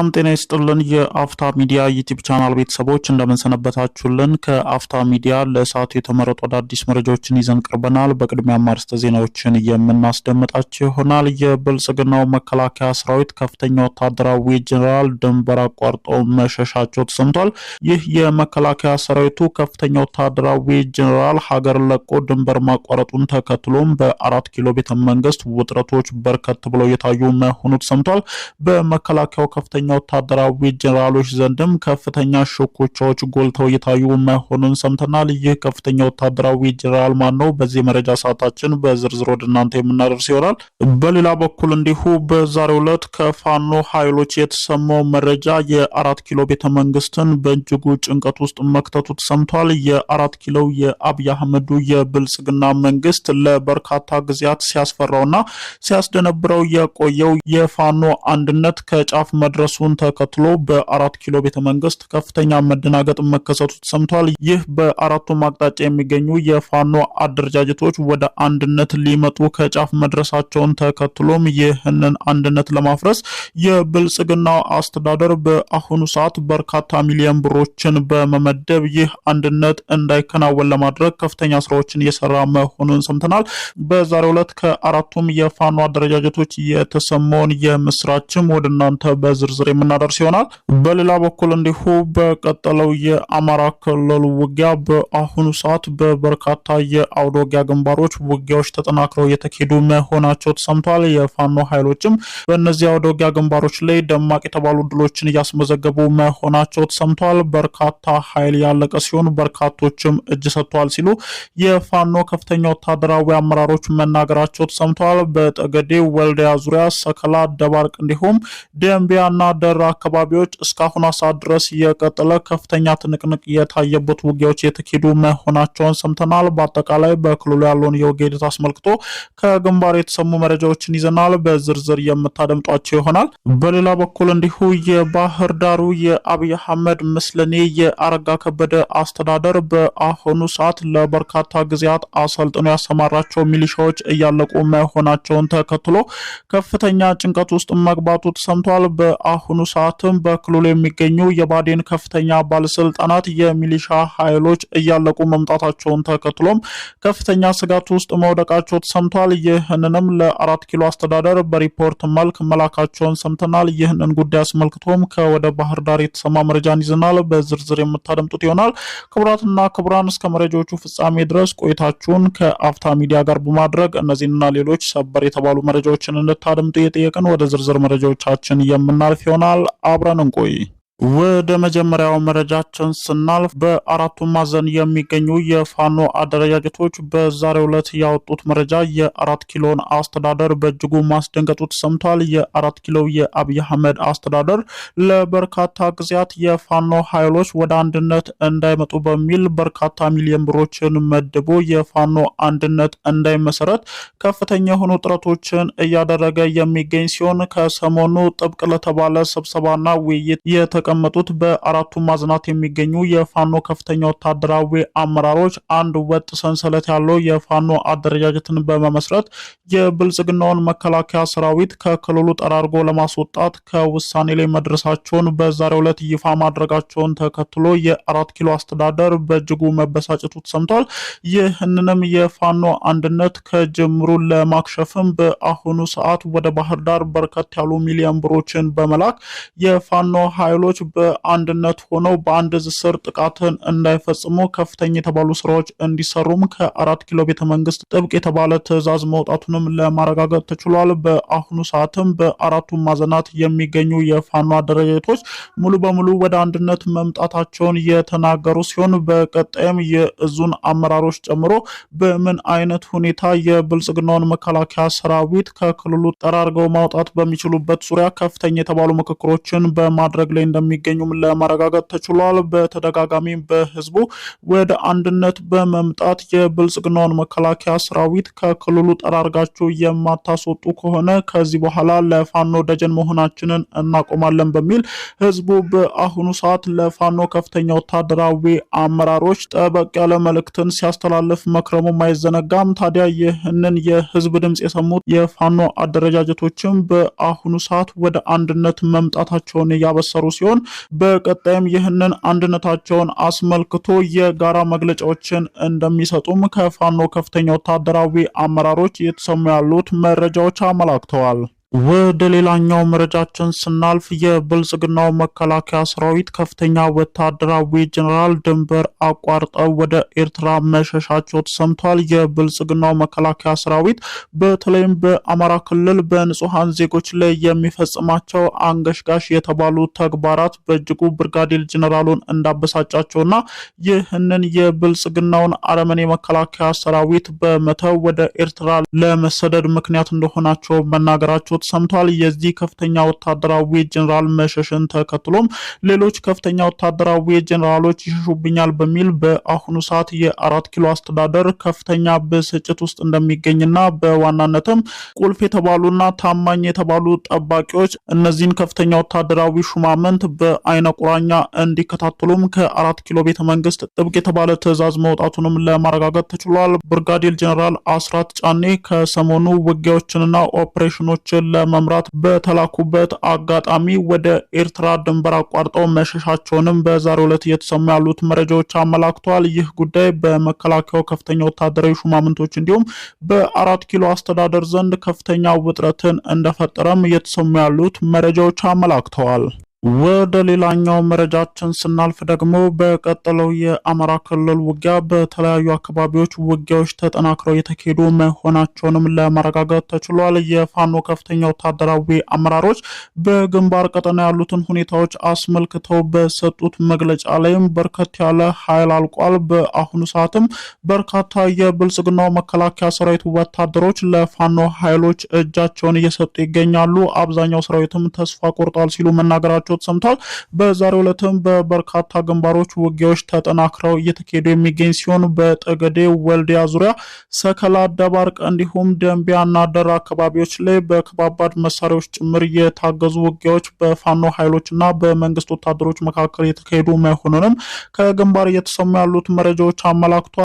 በጣም ጤና ይስጥልን የአፍታ ሚዲያ ዩቲዩብ ቻናል ቤተሰቦች እንደምንሰነበታችሁልን። ከአፍታ ሚዲያ ለሰዓቱ የተመረጡ አዳዲስ መረጃዎችን ይዘን ቀርበናል። በቅድሚያ አርዕስተ ዜናዎችን የምናስደምጣቸው ይሆናል። የብልጽግናው መከላከያ ሰራዊት ከፍተኛ ወታደራዊ ጀነራል ድንበር አቋርጠው መሸሻቸው ተሰምቷል። ይህ የመከላከያ ሰራዊቱ ከፍተኛ ወታደራዊ ጀነራል ሀገር ለቆ ድንበር ማቋረጡን ተከትሎም በአራት ኪሎ ቤተ መንግስት ውጥረቶች በርከት ብለው የታዩ መሆኑ ተሰምቷል። በመከላከያው ከፍተኛ ወታደራዊ ጀነራሎች ዘንድም ከፍተኛ ሾኮቻዎች ጎልተው እየታዩ መሆኑን ሰምተናል። ይህ ከፍተኛ ወታደራዊ ጀነራል ማን ነው? በዚህ መረጃ ሰዓታችን በዝርዝር ወደ እናንተ የምናደርስ ይሆናል። በሌላ በኩል እንዲሁ በዛሬው ዕለት ከፋኖ ኃይሎች የተሰማው መረጃ የአራት ኪሎ ቤተ መንግስትን በእጅጉ ጭንቀት ውስጥ መክተቱ ተሰምቷል። የአራት ኪሎ የአብይ አህመዱ የብልጽግና መንግስት ለበርካታ ጊዜያት ሲያስፈራውና ሲያስደነብረው የቆየው የፋኖ አንድነት ከጫፍ መድረሱ መደረሱን ተከትሎ በአራት ኪሎ ቤተ መንግስት ከፍተኛ መደናገጥ መከሰቱ ተሰምቷል። ይህ በአራቱም አቅጣጫ የሚገኙ የፋኖ አደረጃጀቶች ወደ አንድነት ሊመጡ ከጫፍ መድረሳቸውን ተከትሎም ይህንን አንድነት ለማፍረስ የብልጽግና አስተዳደር በአሁኑ ሰዓት በርካታ ሚሊዮን ብሮችን በመመደብ ይህ አንድነት እንዳይከናወን ለማድረግ ከፍተኛ ስራዎችን እየሰራ መሆኑን ሰምተናል። በዛሬው ዕለት ከአራቱም የፋኖ አደረጃጀቶች የተሰማውን የምስራችም ወደ እናንተ በዝርዝር ዝርዝር የምናደርስ ይሆናል። በሌላ በኩል እንዲሁ በቀጠለው የአማራ ክልል ውጊያ በአሁኑ ሰዓት በበርካታ የአውደ ውጊያ ግንባሮች ውጊያዎች ተጠናክረው እየተካሄዱ መሆናቸው ተሰምቷል። የፋኖ ኃይሎችም በእነዚህ አውደ ውጊያ ግንባሮች ላይ ደማቅ የተባሉ ድሎችን እያስመዘገቡ መሆናቸው ተሰምቷል። በርካታ ኃይል ያለቀ ሲሆን በርካቶችም እጅ ሰጥተዋል ሲሉ የፋኖ ከፍተኛ ወታደራዊ አመራሮች መናገራቸው ተሰምተዋል። በጠገዴ ወልዲያ ዙሪያ፣ ሰከላ፣ ደባርቅ እንዲሁም ደንቢያና ደራ አካባቢዎች እስካሁን አሳ ድረስ እየቀጠለ ከፍተኛ ትንቅንቅ የታየበት ውጊያዎች የተኪዱ መሆናቸውን ሰምተናል። በአጠቃላይ በክልሉ ያለውን የውጊያ ሂደት አስመልክቶ ከግንባር የተሰሙ መረጃዎችን ይዘናል። በዝርዝር የምታደምጧቸው ይሆናል። በሌላ በኩል እንዲሁ የባህር ዳሩ የአብይ አህመድ ምስለኔ የአረጋ ከበደ አስተዳደር በአሁኑ ሰዓት ለበርካታ ጊዜያት አሰልጥኖ ያሰማራቸው ሚሊሻዎች እያለቁ መሆናቸውን ተከትሎ ከፍተኛ ጭንቀት ውስጥ መግባቱ ተሰምቷል። በአ በአሁኑ ሰዓትም በክልሉ የሚገኙ የባዴን ከፍተኛ ባለስልጣናት የሚሊሻ ኃይሎች እያለቁ መምጣታቸውን ተከትሎም ከፍተኛ ስጋት ውስጥ መውደቃቸው ተሰምቷል። ይህንንም ለአራት ኪሎ አስተዳደር በሪፖርት መልክ መላካቸውን ሰምተናል። ይህንን ጉዳይ አስመልክቶም ከወደ ባህር ዳር የተሰማ መረጃን ይዘናል። በዝርዝር የምታደምጡት ይሆናል። ክቡራትና ክቡራን እስከ መረጃዎቹ ፍጻሜ ድረስ ቆይታችሁን ከአፍታ ሚዲያ ጋር በማድረግ እነዚህንና ሌሎች ሰበር የተባሉ መረጃዎችን እንድታደምጡ የጠየቅን ወደ ዝርዝር መረጃዎቻችን የምናልፍ ይሆናል። አብረን እንቆይ። ወደ መጀመሪያው መረጃችን ስናልፍ በአራቱ ማዕዘን የሚገኙ የፋኖ አደረጃጀቶች በዛሬው ዕለት ያወጡት መረጃ የአራት ኪሎን አስተዳደር በእጅጉ ማስደንገጡ ተሰምቷል። የአራት ኪሎ የአብይ አህመድ አስተዳደር ለበርካታ ጊዜያት የፋኖ ኃይሎች ወደ አንድነት እንዳይመጡ በሚል በርካታ ሚሊዮን ብሮችን መድቦ የፋኖ አንድነት እንዳይመሰረት ከፍተኛ የሆኑ ጥረቶችን እያደረገ የሚገኝ ሲሆን ከሰሞኑ ጥብቅ ለተባለ ስብሰባና ውይይት የተቀ የተቀመጡት በአራቱ ማዝናት የሚገኙ የፋኖ ከፍተኛ ወታደራዊ አመራሮች አንድ ወጥ ሰንሰለት ያለው የፋኖ አደረጃጀትን በመመስረት የብልጽግናውን መከላከያ ሰራዊት ከክልሉ ጠራርጎ ለማስወጣት ከውሳኔ ላይ መድረሳቸውን በዛሬው ዕለት ይፋ ማድረጋቸውን ተከትሎ የአራት ኪሎ አስተዳደር በእጅጉ መበሳጨቱ ተሰምቷል። ይህንንም የፋኖ አንድነት ከጅምሩ ለማክሸፍም በአሁኑ ሰዓት ወደ ባህር ዳር በርከት ያሉ ሚሊዮን ብሮችን በመላክ የፋኖ ኃይሎች በአንድነት ሆነው በአንድ እዝ ስር ጥቃትን እንዳይፈጽሙ ከፍተኛ የተባሉ ስራዎች እንዲሰሩም ከአራት ኪሎ ቤተ መንግስት ጥብቅ የተባለ ትዕዛዝ መውጣቱንም ለማረጋገጥ ተችሏል። በአሁኑ ሰዓትም በአራቱም ማዘናት የሚገኙ የፋኖ አደረጃጀቶች ሙሉ በሙሉ ወደ አንድነት መምጣታቸውን የተናገሩ ሲሆን በቀጣይም የእዙን አመራሮች ጨምሮ በምን አይነት ሁኔታ የብልጽግናውን መከላከያ ሰራዊት ከክልሉ ጠራርገው ማውጣት በሚችሉበት ዙሪያ ከፍተኛ የተባሉ ምክክሮችን በማድረግ ላይ እንደሚ እንደሚገኙም ለማረጋገጥ ተችሏል። በተደጋጋሚ በህዝቡ ወደ አንድነት በመምጣት የብልጽግናውን መከላከያ ሰራዊት ከክልሉ ጠራርጋችሁ የማታስወጡ ከሆነ ከዚህ በኋላ ለፋኖ ደጀን መሆናችንን እናቆማለን በሚል ህዝቡ በአሁኑ ሰዓት ለፋኖ ከፍተኛ ወታደራዊ አመራሮች ጠበቅ ያለ መልእክትን ሲያስተላልፍ መክረሙም አይዘነጋም። ታዲያ ይህንን የህዝብ ድምፅ የሰሙት የፋኖ አደረጃጀቶችም በአሁኑ ሰዓት ወደ አንድነት መምጣታቸውን እያበሰሩ ሲሆን ሲሆን በቀጣይም ይህንን አንድነታቸውን አስመልክቶ የጋራ መግለጫዎችን እንደሚሰጡም ከፋኖ ከፍተኛ ወታደራዊ አመራሮች እየተሰሙ ያሉት መረጃዎች አመላክተዋል። ወደ ሌላኛው መረጃችን ስናልፍ የብልጽግናው መከላከያ ሰራዊት ከፍተኛ ወታደራዊ ጀኔራል ድንበር አቋርጠው ወደ ኤርትራ መሸሻቸው ተሰምቷል። የብልጽግናው መከላከያ ሰራዊት በተለይም በአማራ ክልል በንጹሐን ዜጎች ላይ የሚፈጽማቸው አንገሽጋሽ የተባሉ ተግባራት በእጅጉ ብርጋዴር ጀኔራሉን እንዳበሳጫቸውና ይህንን የብልጽግናውን አረመኔ መከላከያ ሰራዊት በመተው ወደ ኤርትራ ለመሰደድ ምክንያት እንደሆናቸው መናገራቸው ሲሉት ሰምቷል። የዚህ ከፍተኛ ወታደራዊ ጀኔራል መሸሽን ተከትሎም ሌሎች ከፍተኛ ወታደራዊ ጀኔራሎች ይሸሹብኛል በሚል በአሁኑ ሰዓት የአራት ኪሎ አስተዳደር ከፍተኛ ብስጭት ውስጥ እንደሚገኝና በዋናነትም ቁልፍ የተባሉና ታማኝ የተባሉ ጠባቂዎች እነዚህን ከፍተኛ ወታደራዊ ሹማምንት በአይነ ቁራኛ እንዲከታተሉም ከአራት ኪሎ ቤተ መንግስት ጥብቅ የተባለ ትዕዛዝ መውጣቱንም ለማረጋገጥ ተችሏል። ብርጋዴር ጀኔራል አስራት ጫኔ ከሰሞኑ ውጊያዎችንና ኦፕሬሽኖችን ለመምራት በተላኩበት አጋጣሚ ወደ ኤርትራ ድንበር አቋርጠው መሸሻቸውንም በዛሬው ዕለት እየተሰሙ ያሉት መረጃዎች አመላክተዋል። ይህ ጉዳይ በመከላከያው ከፍተኛ ወታደራዊ ሹማምንቶች እንዲሁም በአራት ኪሎ አስተዳደር ዘንድ ከፍተኛ ውጥረትን እንደፈጠረም እየተሰሙ ያሉት መረጃዎች አመላክተዋል። ወደ ሌላኛው መረጃችን ስናልፍ ደግሞ በቀጠለው የአማራ ክልል ውጊያ በተለያዩ አካባቢዎች ውጊያዎች ተጠናክረው የተካሄዱ መሆናቸውንም ለማረጋገጥ ተችሏል። የፋኖ ከፍተኛ ወታደራዊ አመራሮች በግንባር ቀጠና ያሉትን ሁኔታዎች አስመልክተው በሰጡት መግለጫ ላይም በርከት ያለ ኃይል አልቋል፣ በአሁኑ ሰዓትም በርካታ የብልጽግናው መከላከያ ሰራዊት ወታደሮች ለፋኖ ኃይሎች እጃቸውን እየሰጡ ይገኛሉ፣ አብዛኛው ሰራዊትም ተስፋ ቆርጧል ሲሉ መናገራቸው መሆናቸው ተሰምቷል። በዛሬው ዕለትም በበርካታ ግንባሮች ውጊያዎች ተጠናክረው እየተካሄዱ የሚገኝ ሲሆን በጠገዴ ወልዲያ ዙሪያ፣ ሰከላ፣ ደባርቅ እንዲሁም ደንቢያ ደንቢያና ደራ አካባቢዎች ላይ በከባባድ መሳሪያዎች ጭምር የታገዙ ውጊያዎች በፋኖ ኃይሎችና በመንግስት ወታደሮች መካከል የተካሄዱ መሆኑንም ከግንባር እየተሰሙ ያሉት መረጃዎች አመላክቷል።